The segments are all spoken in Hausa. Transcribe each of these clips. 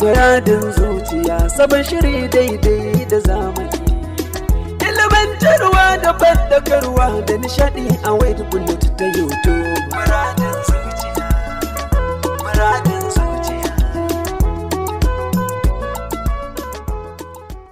Muradin zuciya sabon shiri daidai da zamani. Ilimantarwa da bandakarwa da nishadi a wayar bullet ta YouTube. Muradin zuciya, muradin zuciya.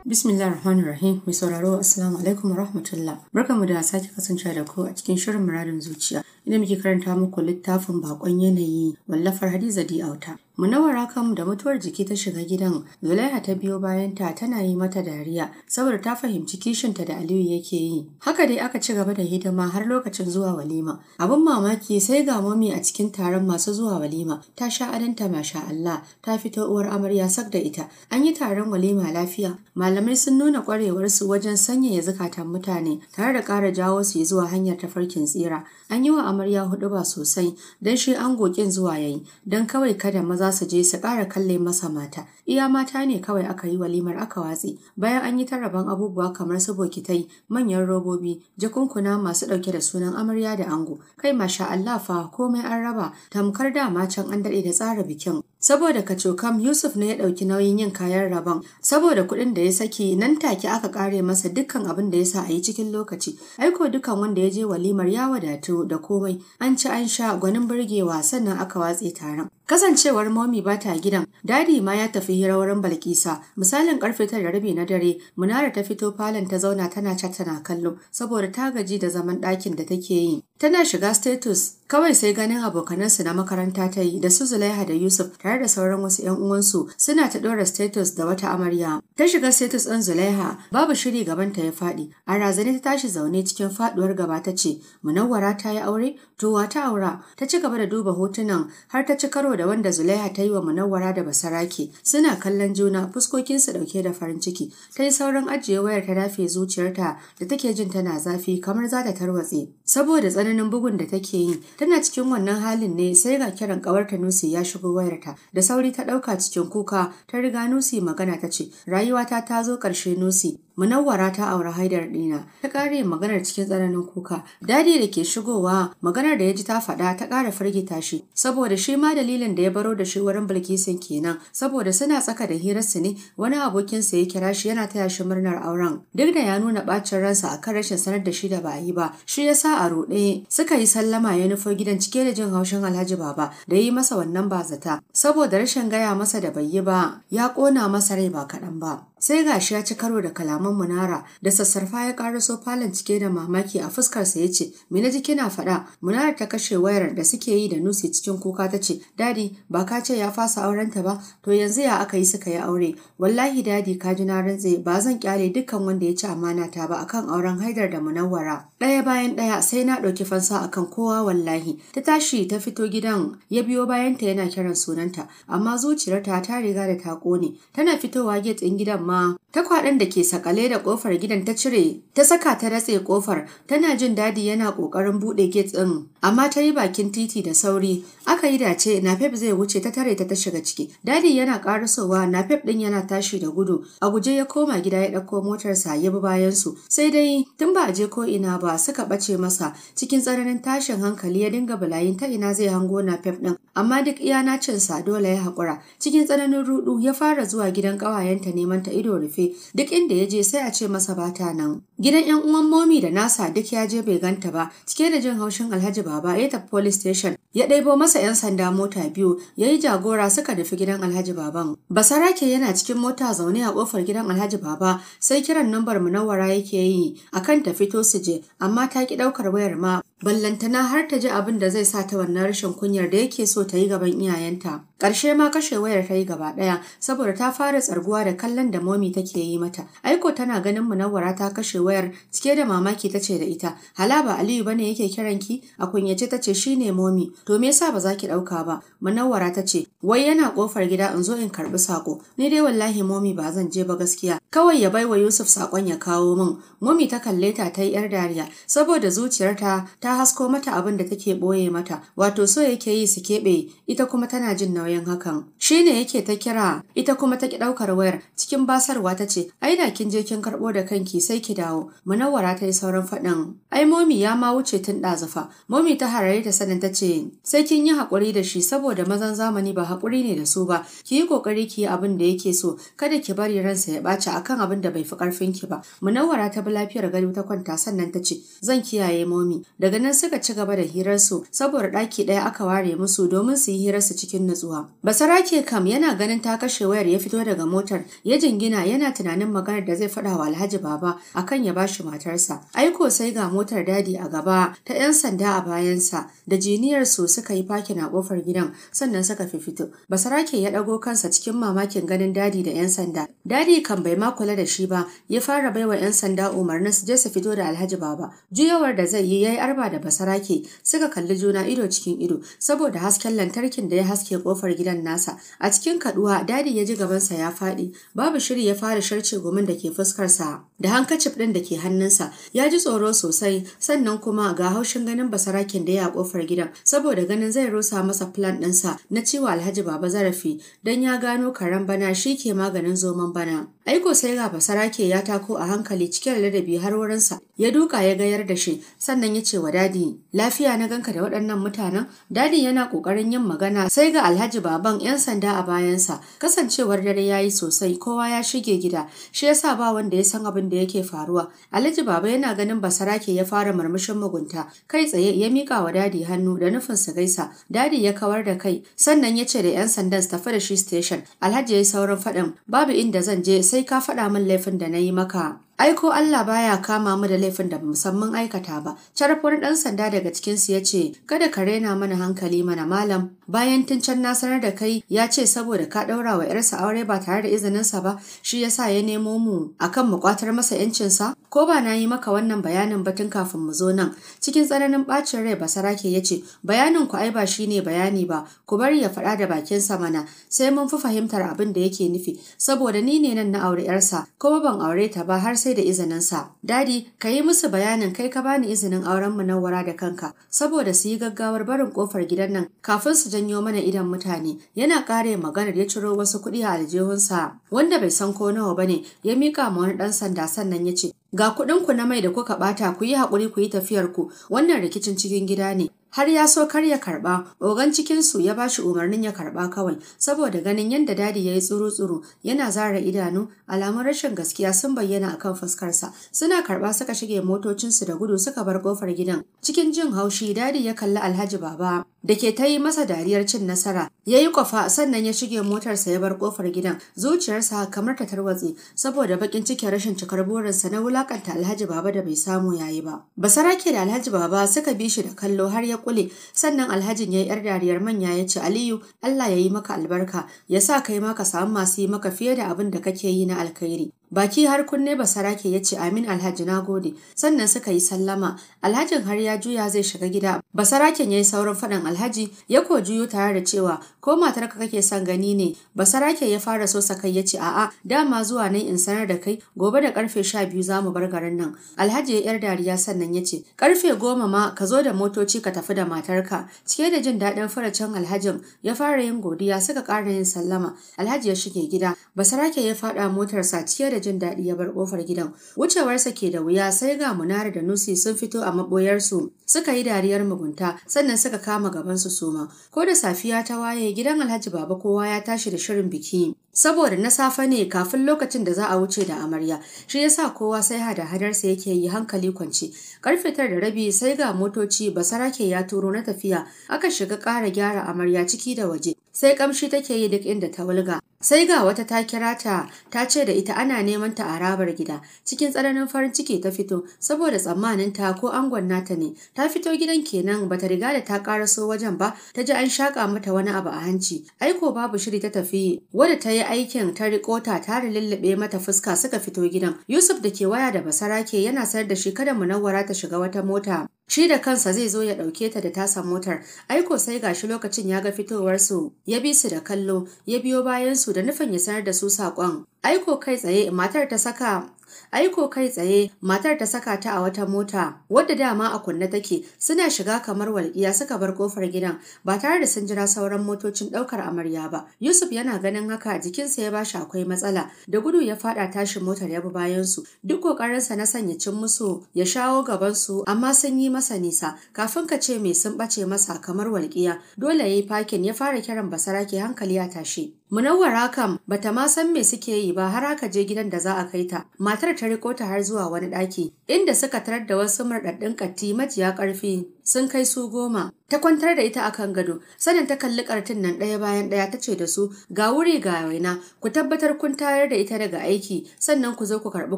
Bismillah ar-Rahman rahim mai sauraro Assalamu alaikum wa rahmatullah. Barkanmu da sake kasance da ku a cikin shirin muradin zuciya. Inda muke karanta muku littafin bakon yanayi wallafar Hadiza diauta Munawara kam da mutuwar jiki ta shiga gidan, Zulaiha ta biyo bayan ta tana yi mata dariya saboda ta fahimci kishinta da Aliyu yake yi. Haka dai aka ci gaba da hidima har lokacin zuwa walima. Abin mamaki sai ga mami a cikin taron masu zuwa walima, ta sha adanta masha Allah, ta fito uwar amarya sak da ita. An yi taron walima lafiya. Malamai sun nuna ƙwarewarsu wajen sanyaya zukatan mutane tare da ƙara jawo su zuwa hanyar tafarkin tsira. An yi wa amarya huɗuba sosai, dan shi an gokin zuwa yayi, don kawai kada maza za su je su ƙara kalle masa mata. Iya mata ne kawai aka yi walimar aka watsi. Bayan an yi taraban abubuwa kamar su bokitai, manyan robobi, jakunkuna masu ɗauke da sunan amarya da ango. Kai masha Allah fa komai an raba, tamkar dama can an daɗe da tsara bikin. Saboda kacokam Yusuf ne ya ɗauki nauyin yin kayan rabon, saboda kuɗin da ya saki nan take aka kare masa dukkan abin da ya sa a yi cikin lokaci. Aiko dukkan wanda ya je walimar ya wadatu da komai, an ci an sha gwanin burgewa sannan aka watse taron. Kasancewar momi ba ta gidan, dadi ma ya tafi hira wurin Balkisa. Misalin karfe tara rabi na dare, Munara ta fito falon ta zauna tana cat tana kallo saboda ta gaji da zaman ɗakin da take yi. Tana shiga status, kawai sai ganin abokanansu na makaranta ta yi da su Zulaiha da Yusuf tare da sauran wasu ‘yan uwansu suna ta ɗora status da wata amarya. Ta shiga status ɗin Zulaiha, babu shiri gaban ta ya faɗi. A razani ta tashi zaune cikin faɗuwar gaba ta ce, Munawwara ta yi aure, to ta aura, ta ci gaba da duba hotunan har ta ci karo karo da wanda Zulaiha ta yi wa Munawwara da Basarake suna kallon juna fuskokinsu dauke da farin ciki ta yi sauran ajiye wayar ta dafe zuciyarta da take jin tana zafi kamar za ta tarwatse saboda tsananin bugun da take yi tana cikin wannan halin ne sai ga kiran ƙawarta Nusi ya shigo wayarta da sauri ta ɗauka cikin kuka ta riga Nusi magana ta ce rayuwata ta zo karshe Nusi Munawwara ta auri haidar ɗina, ta ƙare maganar cikin tsananin kuka. Dadi da ke shigowa maganar da ya ji ta faɗa ta ƙara firgita shi, saboda shi ma dalilin da ya baro da shi wurin Bilkisin kenan, saboda suna tsaka da hirarsu ne wani abokinsa ya kira shi yana taya shi murnar auren. Duk da ya nuna ɓacin ransa a kan rashin sanar da shi da ba yi ba, shi ya sa a ruɗe suka yi sallama ya nufo gidan cike da jin haushin Alhaji Baba da yi masa wannan bazata, saboda rashin gaya masa da bai yi ba ya ƙona masa rai ba kaɗan ba. sai ga shi ya ci karo da kalaman munara da sassarfa ya karaso falon cike da mamaki a fuskarsa ya ce me na ji kina faɗa munara ta kashe wayar da suke yi da nusi cikin kuka ta ce dadi ba ka ce ya fasa aurenta ba to yanzu ya aka yi suka yi aure wallahi dadi ka ji na rantse ba zan kyale dukkan wanda ya ci amana ta ba akan auren haidar da munawwara ɗaya bayan ɗaya sai na ɗauki fansa akan kowa wallahi ta tashi ta fito gidan ya biyo bayanta yana kiran sunanta amma zuciyarta ta riga da ta ƙone tana fitowa gate ɗin gidan ma Ta takwaɗen da ke sakale da ƙofar gidan ta cire ta saka ta ratse ƙofar tana jin dadi yana ƙoƙarin buɗe gate ɗin amma ta yi bakin titi da sauri Aka yi dace Nafef zai wuce ta tare ta shiga ciki. Dadi yana karasowa Nafef din yana tashi da gudu. A guje ya koma gida ya ɗauko motarsa ya bi bayan su. Sai dai tun ba a je ko ina ba suka ɓace masa cikin tsananin tashin hankali ya dinga bulayin ta ina zai hango Nafef din. Amma duk iya sa dole ya haƙura. Cikin tsananin rudu ya fara zuwa gidan ƙawayenta neman ta ido rufe. Duk inda ya je sai a ce masa bata nan. Gidan 'yan uwan momi da nasa duk ya je bai ganta ba. Cike da jin haushin Alhaji Baba ya tafi police station ya ɗaibo masa 'yan sanda mota biyu ya yi jagora suka nufi gidan alhaji baban basarake yana cikin mota zaune a ƙofar gidan alhaji baba sai kiran nambar munawwara yake yi akan ta fito su je amma ta ki ɗaukar wayar ma ballantana har ta ji abin da zai sa ta wannan rashin kunyar da yake so ta yi gaban iyayenta. Ƙarshe ma kashe wayar ta yi gaba ɗaya saboda ta fara tsarguwa da kallon da momi take yi mata. Aiko tana ganin munawwara ta kashe wayar cike da mamaki ta ce da ita. Hala ba Aliyu bane yake kiranki a kunyace ta ce ne, momi. To me yasa ba za ki ɗauka ba? Munawwara ta ce wai yana ƙofar gida in zo in karɓi sako. Ni dai wallahi momi ba zan je ba gaskiya. kawai ya baiwa Yusuf saƙon ya kawo min mummy ta kalle ta ta yar dariya saboda zuciyarta ta hasko mata abin da take ɓoye mata wato so yake yi su keɓe ita kuma tana jin nauyin hakan Shi ne yake ta kira ita kuma ta ki ɗaukar wayar cikin basarwa ta ce ai da kin je kin karɓo da kanki sai ki dawo munawwara ta yi sauran faɗin ai momi ya ma wuce tun ɗazufa momi ta harare ta sanin ta ce sai kin yi haƙuri da shi saboda mazan zamani ba haƙuri ne da su ba ki yi ƙoƙari ki yi abin da yake so kada ki bari ransa ya ɓaci a akan abin da bai fi karfin ki ba munawwara ta bi lafiyar gado ta kwanta sannan ta ce zan kiyaye momi daga nan suka ci gaba da hirar su saboda ɗaki ɗaya aka ware musu domin su yi hirar su cikin nutsuwa basarake kam yana ganin ta kashe wayar ya fito daga motar ya jingina yana tunanin maganar da zai faɗa wa alhaji baba akan ya bashi matarsa aiko sai ga motar dadi a gaba ta 'yan sanda a bayansa da jiniyar su suka yi fakin a kofar gidan sannan suka fi fito basarake ya ɗago kansa cikin mamakin ganin dadi da 'yan sanda dadi kan bai ma a kula da shi ba ya fara baiwa 'yan sanda umarnin su je su fito da alhaji baba juyawar da zai yi ya yi arba da ke suka kalli juna ido cikin ido saboda hasken lantarkin da ya haske kofar gidan nasa a cikin kaduwa dadi ya ji gabansa ya faɗi babu shiri ya fara sharce gumin da ke fuskarsa da hankacif ɗin da ke hannunsa ya ji tsoro sosai sannan kuma ga haushin ganin basarakin da ya kofar gidan saboda ganin zai rusa masa plan ɗinsa na cewa alhaji baba zarafi don ya gano karen bana shi ke maganin zoman bana aiko sai ga basarake ya tako a hankali cikin ladabi har wurinsa ya duka ya gayar da shi sannan ya ce wa dadi lafiya na ganka da waɗannan mutanen dadi yana ƙoƙarin yin magana sai ga alhaji baban yan sanda a bayansa kasancewar dare ya yi sosai kowa ya shige gida shi yasa ba wanda ya san abin da yake faruwa alhaji baba yana ganin basarake ya fara murmushin mugunta kai tsaye ya miƙa wa dadi hannu da nufin su gaisa dadi ya kawar da kai sannan ya ce da yan sandan su tafi da shi station alhaji ya yi saurin faɗin babu inda zan je sai ka faɗa min laifin da na yi maka Aiko Allah baya kama mu da laifin da musamman aikata ba. Sharaf ɗan sanda daga cikinsu ya ce, Kada ka raina mana hankali mana malam. Bayan tun can na sanar da kai ya ce saboda ka ɗaura wa ‘yarsa aure ba tare da izinin sa ba, shi yasa ya nemo mu akan mu kwatar masa sa Ko ba na yi maka wannan bayanin ba tun kafin mu zo nan. Cikin tsananin bacin rai basara ya yace Bayanin ku ai ba shine bayani ba, ku bari ya faɗa da bakin sa mana, sai mun fi fahimtar abin da yake nufi, saboda ni ne nan na aure ‘yarsa, kuma ban aure ta ba har sai da izininsa. Dadi, ka yi musu bayanin kai ka bani izinin auren munawwara da kanka, saboda su yi gaggawar barin kofar gidan nan kafin su janyo mana idan mutane. Yana kare maganar ya ciro wasu kuɗi a aljihunsa, wanda bai san ko nawa ba ne, ya mika ma wani ɗan sanda sannan ya ce, Ga kuɗinku na mai da kuka ɓata ku yi haƙuri ku yi tafiyarku, wannan rikicin cikin gida ne, har ya so kar ya karba ogan cikinsu ya bashi umarnin ya karba kawai saboda ganin yadda dadi ya yi tsuru-tsuru yana zara idanu alamun rashin gaskiya sun bayyana akan fuskarsa suna karba suka shige motocinsu da gudu suka bar kofar gidan cikin jin haushi dadi ya kalli alhaji baba da ke ta yi masa dariyar cin nasara ya yi kwafa sannan ya shige motarsa ya bar kofar gidan zuciyarsa kamar ta tarwatse saboda bakin cikin rashin cikar burinsa na wulakanta alhaji baba da bai samu yayi ba basarake da alhaji baba suka bi shi da kallo har ya kule sannan alhajin ya yi yar dariyar manya ya ce aliyu allah ya yi maka albarka ya sa kai ma ka samu masu yi maka fiye da abin da kake yi na alkhairi Baki har kunne basarake ya ce amin alhaji na gode sannan suka yi sallama alhajin har ya juya zai shiga gida basaraken ya yi saurin faɗan alhaji ya ko juyo tare da cewa ko matar ka kake son gani ne basarake ya fara so sakai ya ce a'a dama zuwa nan in sanar da kai gobe da karfe sha biyu za mu bar garin nan alhaji ya yar dariya sannan ya ce karfe goma ma ka zo da motoci ka tafi da matarka cike da jin daɗin faracen alhajin ya fara yin godiya suka ƙara yin sallama alhaji ya shige gida basarake ya faɗa motarsa cike da jin daɗi ya bar kofar gidan. Wucewarsa ke da wuya sai ga Munari da Nusi sun fito a maɓoyarsu suka yi dariyar mugunta sannan suka kama gabansu suma. Ko da safiya ta waye gidan Alhaji Baba kowa ya tashi da shirin biki. saboda na safe ne kafin lokacin da za a wuce da amarya shi ya sa kowa sai hada hadarsa yake yi hankali kwance karfe tar da rabi sai ga motoci basarake ya turo na tafiya aka shiga ƙara gyara amarya ciki da waje sai kamshi take yi duk inda ta wulga sai ga wata ta kira ta ta ce da ita ana neman ta a rabar gida cikin tsananin farin ciki ta fito saboda tsammanin ta ko angon nata ne ta fito gidan kenan ba ta riga da ta karaso wajen ba ta ji an shaka mata wani abu a hanci aiko babu shiri ta tafi wadda ta yi yi aikin ta riko ta tare lullube mata fuska suka fito gidan. Yusuf da ke waya da basarake yana sayar da shi kada munawwara ta shiga wata mota. Shi da kansa zai zo ya ɗauke ta da tasa motar, aiko sai gashi lokacin ya ga fitowarsu, ya bi su da kallo, ya biyo bayan su da nufin ya sanar da su saƙon. Aiko kai tsaye matar ta saka Aiko kai tsaye matar ta saka ta a wata mota wadda dama a kunne take suna shiga kamar walƙiya suka bar kofar gidan ba tare da sun jira sauran motocin ɗaukar amarya ba. Yusuf yana ganin haka jikinsa ya bashi akwai matsala da gudu ya faɗa tashin motar ya bi bayan su. Duk ƙoƙarinsa na sanya cin musu ya shawo gaban su amma sun yi masa nisa kafin ka ce me sun ɓace masa kamar walƙiya dole ya yi fakin ya fara kiran basara ke hankali ya tashi. Munawwara kam ta ma san me suke yi ba har aka je gidan da za a kai ta. Matar ta riko ta har zuwa wani ɗaki inda suka tarar da wasu murɗaɗɗun katti majiya ƙarfi sun kai su goma. Ta kwantar da ita akan gado, sanin ta kalli kartin nan ɗaya bayan ɗaya ta ce da su ga wuri ga waina, ku tabbatar kun tayar da ita daga aiki, sannan ku zo ku karɓi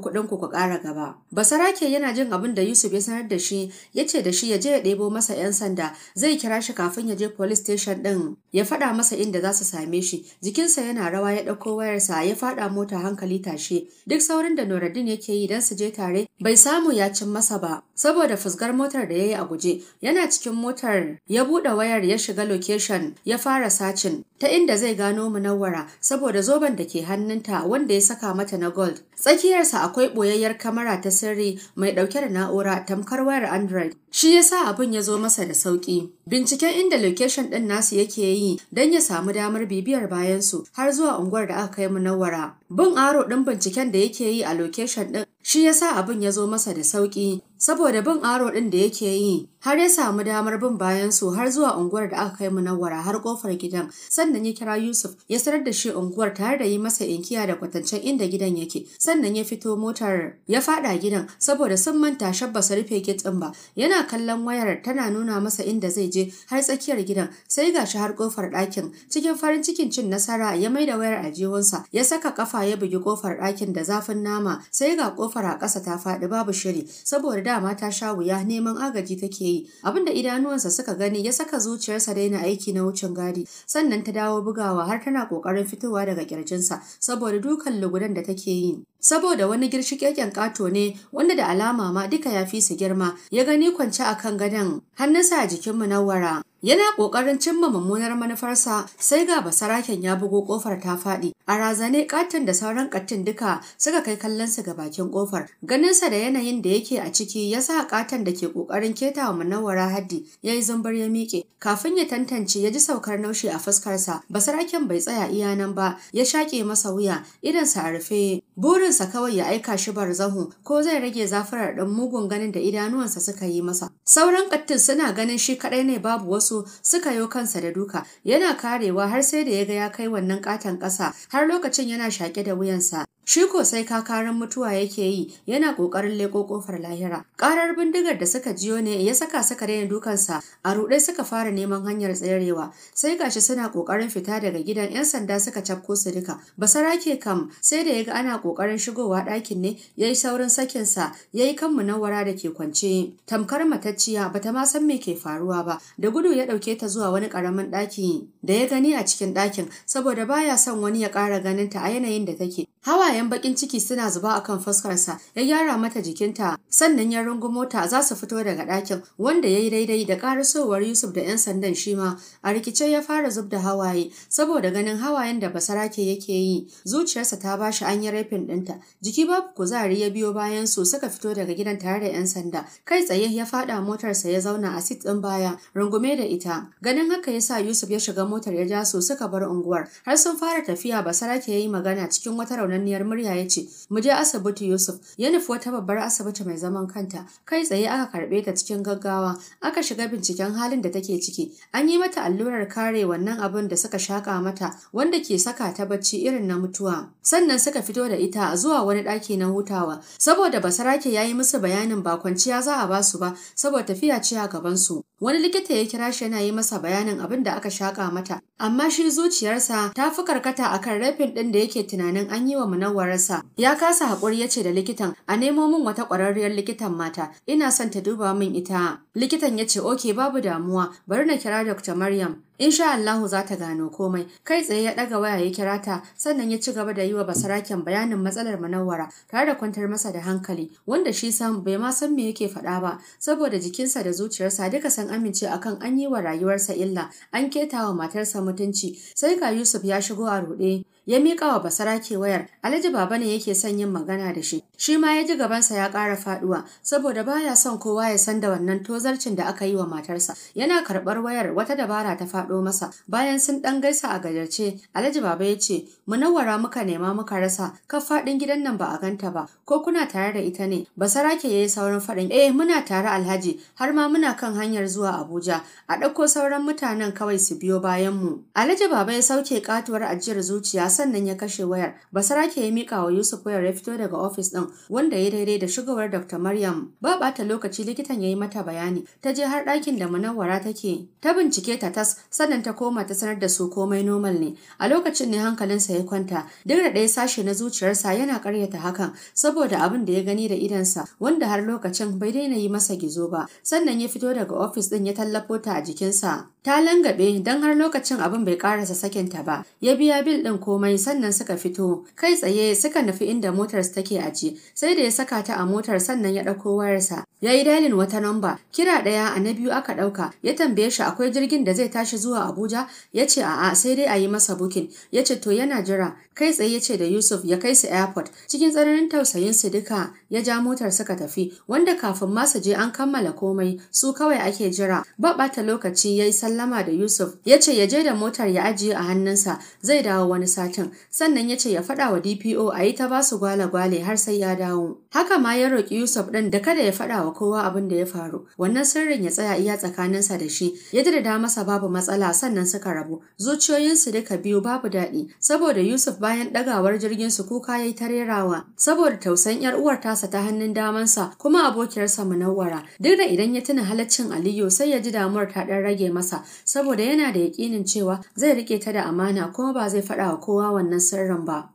kuɗin ku ku ƙara gaba. Basarake yana jin abin da Yusuf ya sanar da shi, ya ce da shi ya je ya ɗebo masa 'yan sanda, zai kira shi kafin ya je police station ɗin, ya faɗa masa inda za su same shi. Jikinsa yana rawa ya ɗauko wayarsa ya faɗa mota hankali tashe. Duk saurin da noradin yake yi don su je tare, bai samu ya cin masa ba, saboda fusgar motar da ya yi a guje, yana cikin motar ya buɗe wayar ya shiga location ya fara sacin ta inda zai gano munawwara saboda zoben da ke hannunta wanda ya saka mata na gold Tsakiyarsa akwai ɓoyayyar kamara ta sirri mai ɗauke da na'ura tamkar wayar Android. Shi ya sa abin ya zo masa da sauƙi. Binciken inda location ɗin nasu yake yi don ya samu damar bibiyar bayansu har zuwa unguwar da aka kai munawwara. Bin aro ɗin binciken da yake yi a location ɗin shi ya sa abin ya zo masa da sauƙi. Saboda bin aro ɗin da yake yi har ya samu damar bin bayansu har zuwa unguwar da aka kai munawwara har ƙofar gidan. Sannan ya kira Yusuf ya sanar da shi unguwar tare da yi masa inkiya da kwatancen inda gidan yake. sannan ya fito motar ya fada gidan saboda sun manta shabba su rufe gate din ba yana kallon wayar tana nuna masa inda zai je har tsakiyar gidan sai ga shi har kofar ɗakin cikin farin cikin cin nasara ya maida wayar a jiwonsa ya saka kafa ya bugi kofar ɗakin da zafin nama sai ga kofar a ƙasa ta faɗi babu shiri saboda dama ta sha wuya neman agaji take yi Abin da idanuwansa suka gani ya saka zuciyarsa daina aiki na wucin gadi sannan ta dawo bugawa har tana ƙoƙarin fitowa daga ƙirjinsa saboda dukan lugudan da take yi saboda wani girshikeken ƙato ne wanda da alama ma duka ya fi su girma ya gani kwance a kan gadon hannunsa a jikin munawwara yana ƙoƙarin cimma mummunar manufarsa sai ga basaraken ya bugo ƙofar ta faɗi a razane katin da sauran katin duka suka kai kallon su ga bakin ƙofar ganinsa da yanayin da yake a ciki ya sa katin da ke ƙoƙarin ketawa wa munawwara haddi ya yi zumbar ya miƙe kafin ya tantance ya ji saukar naushi a fuskarsa basaraken bai tsaya iya nan ba ya shaƙe masa wuya idansa a rufe burinsa kawai ya aika shi barzahu ko zai rage zafarar ɗan mugun ganin da idanuwansa suka yi masa sauran kattin suna ganin shi kaɗai ne babu wasu suka yo kansa da duka yana karewa har sai da ya ga ya kai wannan katon ƙasa har lokacin yana shaƙe da wuyansa Shi ko sai kakarin mutuwa yake yi yana ƙoƙarin leƙo ƙofar lahira. Ƙarar bindigar da suka jiyo ne ya saka suka daina dukansa a ruɗe suka fara neman hanyar tserewa. Sai gashi suna ƙoƙarin fita daga gidan 'yan sanda suka cafko su duka. Basarake kam sai da ya ga ana ƙoƙarin shigowa ɗakin ne ya yi saurin sakinsa ya yi kan munawwara da ke kwance. Tamkar matacciya bata ma san me ke faruwa ba. Da gudu ya ɗauke ta zuwa wani ƙaramin ɗaki da ya gani a cikin ɗakin saboda baya son wani ya ƙara ganinta a yanayin da take. Hawaye hawayen bakin ciki suna zuba a kan fuskarsa ya gyara mata jikinta sannan ya rungu mota za su fito daga ɗakin wanda ya yi daidai da karasowar Yusuf da 'yan sandan shi ma a rikice ya fara zub da hawaye saboda ganin hawayen da basarake yake yi zuciyarsa ta bashi an yi rafin ɗinta jiki babu kuzari ya biyo bayan su suka fito daga gidan tare da 'yan sanda kai tsaye ya faɗa motarsa ya zauna a sit ɗin baya rungume da ita ganin haka ya sa Yusuf ya shiga motar ya ja su suka bar unguwar har sun fara tafiya basarake ya yi magana cikin wata raunanniyar murya ya ce, "Mu je asibiti Yusuf." Ya nufi wata babbar asibiti mai zaman kanta. Kai tsaye aka karɓe ta cikin gaggawa, aka shiga binciken halin da take ciki. An yi mata allurar kare wannan abin da suka shaƙa mata, wanda ke saka ta bacci irin na mutuwa. Sannan suka fito da ita zuwa wani ɗaki na hutawa, saboda basarake ya yi musu bayanin ba kwanciya za a ba su ba, saboda tafiya ce a gabansu. Wani likita ya kira shi yana yi masa bayanin abin da aka shaƙa mata, amma shi zuciyarsa ta fi karkata a kan rafin ɗin da yake tunanin an yi wa munawwararsa. Ya kasa haƙuri ya ce da likitan, a nemo min wata ƙwararriyar likitan mata, ina son ta duba min ita. Likitan ya ce, oke babu damuwa, bari na kira Dr. Maryam. sha Allahu za ta gano komai. Kai tsaye ya ɗaga waya ya kira ta, sannan ya ci gaba da yi wa basaraken bayanin matsalar manawara tare da kwantar masa da hankali, wanda shi sam bai ma san me yake faɗa ba, saboda jikinsa da zuciyarsa duka san sun amince akan an yi wa rayuwarsa illa, an keta wa matarsa mutunci, sai ka Yusuf ya shigo a ruɗe ya miƙa wa basarake wayar alhaji baba ne yake son yin magana da shi shi ma ya ji gabansa ya ƙara faɗuwa saboda baya son kowa ya san da wannan tozarcin da aka yi wa matarsa yana karɓar wayar wata dabara ta faɗo masa bayan sun ɗan gaisa a gajarce alhaji baba ya ce munawwara muka nema muka rasa kan faɗin gidan nan ba a ganta ba ko kuna tare da ita ne basarake ya yi saurin faɗin eh muna tare alhaji har ma muna kan hanyar zuwa abuja a ɗauko sauran mutanen kawai su biyo bayan mu alhaji baba ya sauke katuwar ajiyar zuciya sannan ya kashe wayar. Basarake ya mika wa Yusuf wayar ya fito daga ofis ɗin wanda ya daidai da shigowar Dr. Maryam. Ba ɓata lokaci likitan ya yi mata bayani. Ta je har ɗakin da Munawwara take. Ta bincike ta tas sannan ta koma ta sanar da su komai nomal ne. A lokacin ne hankalinsa ya kwanta. Duk da ɗaya sashe na zuciyarsa yana karyata hakan saboda abin da ya gani da idansa wanda har lokacin bai daina yi masa gizo ba. Sannan ya fito daga ofis ɗin ya tallafo ta a jikinsa. Ta langabe don har lokacin abin bai ƙarasa sakinta ba. Ya biya bil ɗin komai Mai sannan suka fito kai tsaye suka nufi inda motar take aje sai da ya saka ta a motar sannan ya ɗauko wayarsa ya yi dalin wata namba kira ɗaya a na biyu aka ɗauka ya tambaye shi akwai jirgin da zai tashi zuwa abuja ya ce a'a sai dai a yi masa bukin ya ce to yana jira kai tsaye ya ce da yusuf ya kai su airport cikin tsananin tausayin su duka ya ja motar suka tafi wanda kafin ma su je an kammala komai su kawai ake jira ba ɓata lokaci ya yi sallama da yusuf ya ce ya je da motar ya ajiye a hannunsa zai dawo wani sati asibitin sannan ya ce ya faɗa wa DPO a yi ta ba su gwale-gwale har sai ya dawo. Haka ma ya roƙi Yusuf ɗin da kada ya faɗa wa kowa abin da ya faru. Wannan sirrin ya tsaya iya tsakaninsa da shi, ya da masa babu matsala sannan suka rabu. Zuciyoyinsu duka biyu babu daɗi, saboda Yusuf bayan ɗagawar jirgin su kuka ya yi ta rerawa, saboda tausayin ‘yar uwar tasa ta hannun damansa kuma abokiyarsa munawwara. Duk da idan ya tuna halaccin Aliyu sai ya ji damuwar ta ɗan rage masa, saboda yana da yaƙinin cewa zai riƙe ta da amana kuma ba zai faɗa wa kowa wannan sirrin ba.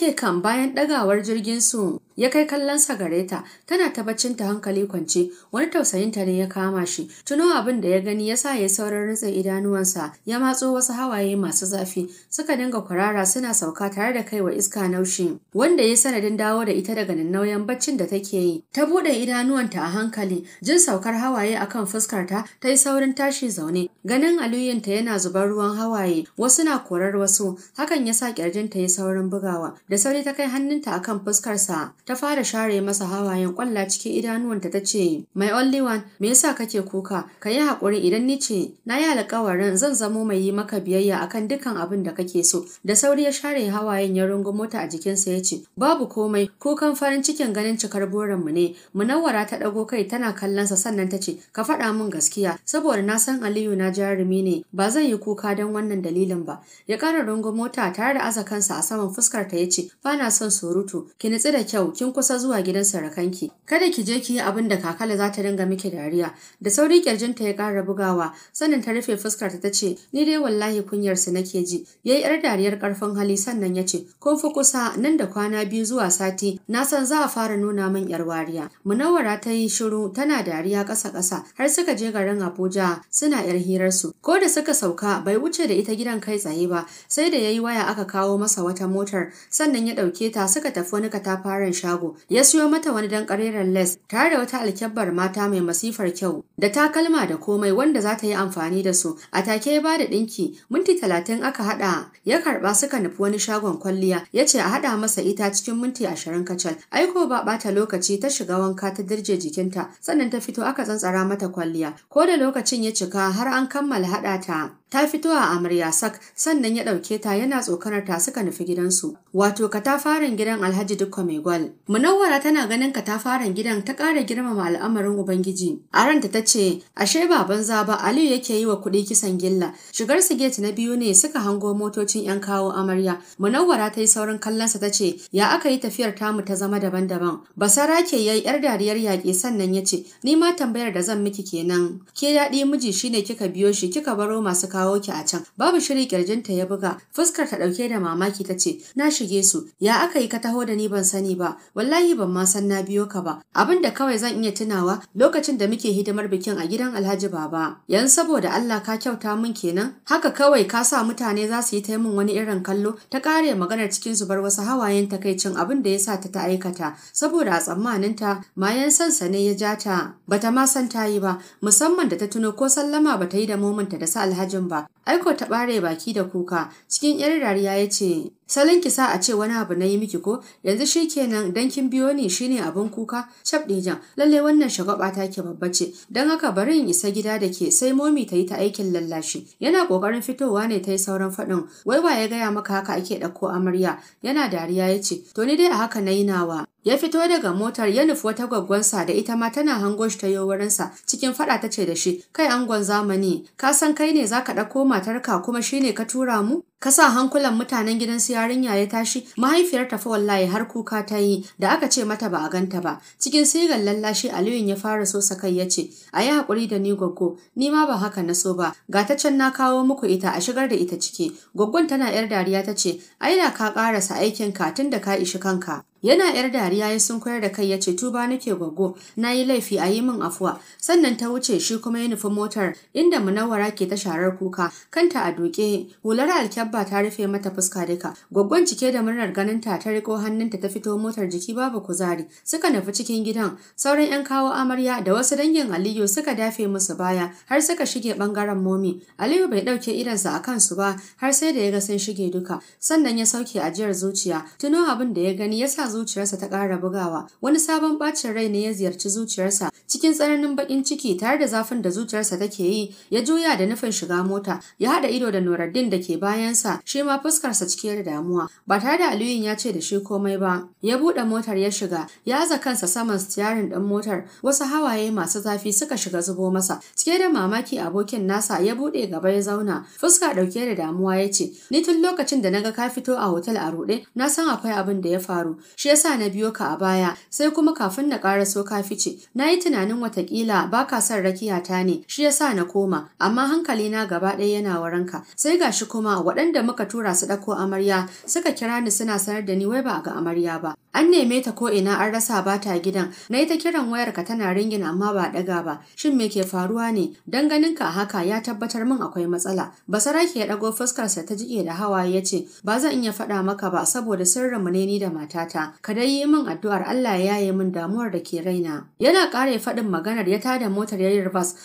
ke kan bayan ɗagawar jirgin su ya kai kallon sa gare ta tana ta hankali kwance wani tausayin ta ne ya kama shi tuno abin da ya gani ya sa ya saurin rutsa idanuwansa ya matso wasu hawaye masu zafi suka dinga kwarara suna sauka tare da kaiwa iska naushi wanda ya sanadin dawo da ita daga nauyin baccin da take yi ta buɗe idanuwanta a hankali jin saukar hawaye akan fuskar ta ta yi saurin tashi zaune ganin ta yana zubar ruwan hawaye wasu na korar wasu hakan ya sa ta yi saurin bugawa da sauri ta kai hannunta akan fuskar sa. Ta fara share masa hawayen kwalla cikin idanuwanta ta ce, My only one, me yasa kake kuka? Ka yi haƙuri idan ni ce, na yi alƙawarin zan zamo mai yi maka biyayya akan dukkan abin da kake so. Da sauri ya share hawayen ya rungo mota a jikinsa ya ce, Babu komai, kukan farin cikin ganin cikar burinmu ne. Munawwara ta ɗago kai tana kallonsa sannan ta ce, Ka faɗa min gaskiya, saboda na san Aliyu na jarumi ne, ba zan yi kuka don wannan dalilin ba. Ya ƙara rungu mota tare da aza kansa a saman fuskarta ya ce, Ba na son surutu, ki nitsi da kyau, kin kusa zuwa gidan sarakanki. Kada ki je ki yi abin da kakala za ta dinga miki dariya. Da sauri kirjinta ya ƙara bugawa, sannan ta rufe fuskarta ta ce, "Ni dai wallahi kunyar su nake ji." Yayi yar dariyar ƙarfin hali sannan ya ce, "Kun fi kusa nan da kwana biyu zuwa sati, na san za a fara nuna min yar wariya." Munawara ta yi shiru tana dariya ƙasa-ƙasa har suka je garin Abuja suna yar hirar su Ko da suka sauka bai wuce da ita gidan kai tsaye ba, sai da yayi waya aka kawo masa wata motar, sannan ya ɗauke ta suka tafi wani katafaren shago ya siyo mata wani dan kareren les tare da wata alkyabbar mata mai masifar kyau da takalma da komai wanda za ta yi amfani da su a take ba bada ɗinki, minti talatin aka haɗa ya karɓa suka nufi wani shagon kwalliya ya ce a haɗa masa ita cikin minti ashirin kacal aiko ba bata lokaci ta shiga wanka ta dirje jikinta sannan ta fito aka tsantsara mata kwalliya ko da lokacin ya cika har an kammala hada ta ta fito a amarya sak sannan ya ɗauke ta yana tsokanar ta suka nufi gidansu wato katafaren gidan alhaji dukka mai gwal munawwara tana ganin katafaren gidan ta ƙara girmama al'amarin ubangiji a ranta ta ce ashe ba banza ba aliyu yake yi wa kuɗi kisan gilla shigar su gate na biyu ne suka hango motocin yan kawo amarya munawwara ta yi saurin kallonsa ta ce ya aka yi tafiyar tamu ta zama daban-daban basara ke yayi yar dariyar yaƙi sannan ya ce ni ma tambayar da zan miki kenan ke daɗi miji shine kika biyo shi kika baro masu kawo kawo ki a can babu shiri kirjinta ya buga fuskar ta dauke da mamaki ta ce na shige su ya aka yi ka taho da ni ban sani ba wallahi ban ma san na biyo ka ba abin da kawai zan iya tunawa lokacin da muke hidimar bikin a gidan Alhaji Baba yan saboda Allah ka kyauta mun kenan haka kawai ka sa mutane za su yi ta min wani irin kallo ta kare maganar cikin zubar wasu hawayen takaicin abin da ya sa ta ta aikata saboda a tsammaninta 'yan sansa ne ya ja ta bata ma san ta yi ba musamman da ta tuno ko sallama bata yi da momanta da sa Alhaji din ba. Aiko ta bare baki da kuka cikin yar dariya ya ce, Salon ki sa a ce wani abu na yi miki ko yanzu shi kenan dan kin biyo ni ne abin kuka shaf jan lalle wannan shagwaba ta ke babba ce dan haka bari in isa gida da ke sai momi ta yi ta aikin lallashi yana kokarin fitowa ne ta yi sauran faɗin wai wa ya gaya maka haka ake ɗauko amarya yana dariya ya ce to ni dai a haka na yi nawa Ya fito daga motar ya nufi wata gwaggwansa da ita ma tana hango shi ta yo wurinsa cikin faɗa ta ce da shi kai angon zamani ka san kai ne zaka ɗauko matarka kuma shine ka tura mu Ka sa hankulan mutanen gidan su yarinya ya tashi mahaifiyar ta fa wallahi har kuka ta yi da aka ce mata ba a ganta ba cikin sigar lallashi Aliyun ya fara so kai ya ce a yi hakuri da ni gwaggo ni ma ba haka na so ba ga ta can na kawo muku ita a shigar da ita ciki gwaggon tana yar dariya ta ce A ina ka ƙarasa aikin ka tun da ka ishi kanka yana yar dariya ya sun koyar da kai ya ce tuba nake gwaggo na yi laifi a yi min afuwa sannan ta wuce shi kuma ya nufi motar inda munawwara ke ta sharar kuka kanta a duƙe hular alkyab. ba ta rufe mata fuska duka. Gwaggon cike da murnar ganin ta ta riko hannunta ta fito motar jiki babu kuzari. Suka nufi cikin gidan. Sauran 'yan kawo amarya da wasu dangin Aliyu suka dafe musu baya har suka shige bangaren momi. Aliyu bai dauke idansa a kansu ba har sai da ya ga sun shige duka. Sannan ya sauke ajiyar zuciya. Tuno abin da ya gani ya sa zuciyarsa ta ƙara bugawa. Wani sabon bacin rai ne ya ziyarci zuciyarsa cikin tsananin bakin ciki tare da zafin da zuciyarsa take yi ya juya da nufin shiga mota ya haɗa ido da nuraddin da ke bayansa sa shi ma fuskarsa cike da damuwa ba tare da Aliyun ya ce da shi komai ba ya buɗe motar ya shiga ya za kansa saman stiyarin ɗin motar wasu hawaye masu zafi suka shiga zubo masa cike da mamaki abokin nasa ya buɗe gaba ya zauna fuska ɗauke da damuwa ya ce ni tun lokacin da naga ka fito a hotel a ruɗe na san akwai abin da ya faru shi yasa na biyo ka a baya sai kuma kafin na ƙara so ka fice na yi tunanin watakila ba ka son rakiyata ne shi yasa na koma amma hankali na gaba ɗaya yana waranka sai gashi kuma waɗanda da muka tura su ɗauko amarya suka kira ni suna sanar da ni wai ba ga amarya ba. An neme ta ko ina an rasa ba ta gidan, na yi ta kiran wayarka tana ringin amma ba ɗaga ba, shin me ke faruwa ne? Dan ganin ka haka ya tabbatar min akwai matsala. ke ya ɗago fuskarsa ta jike da hawa ya ce, ba zan iya faɗa maka ba saboda sirrinmu ne ni da matata, ka dai yi min addu'ar Allah ya yaye min damuwar da ke raina. Yana ƙara faɗin maganar ya tada motar ya yi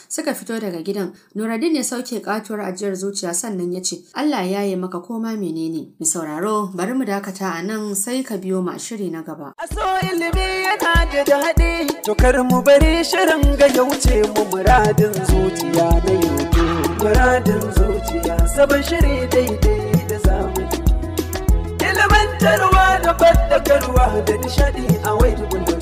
suka fito daga gidan. Nuradin ya sauke katuwar ajiyar zuciya sannan ya ce, Allah ya yaye maka koma menene. Mi sauraro bari mu dakata a nan sai ka biyo ma shiri na gaba. Aso ilimi yana da daɗi, to kar mu bari shirin ga yauce mu muradin zuciya na yau. Muradin zuciya sabon shiri daidai da zamani. Ilimantarwa da fadakarwa da nishaɗi a wai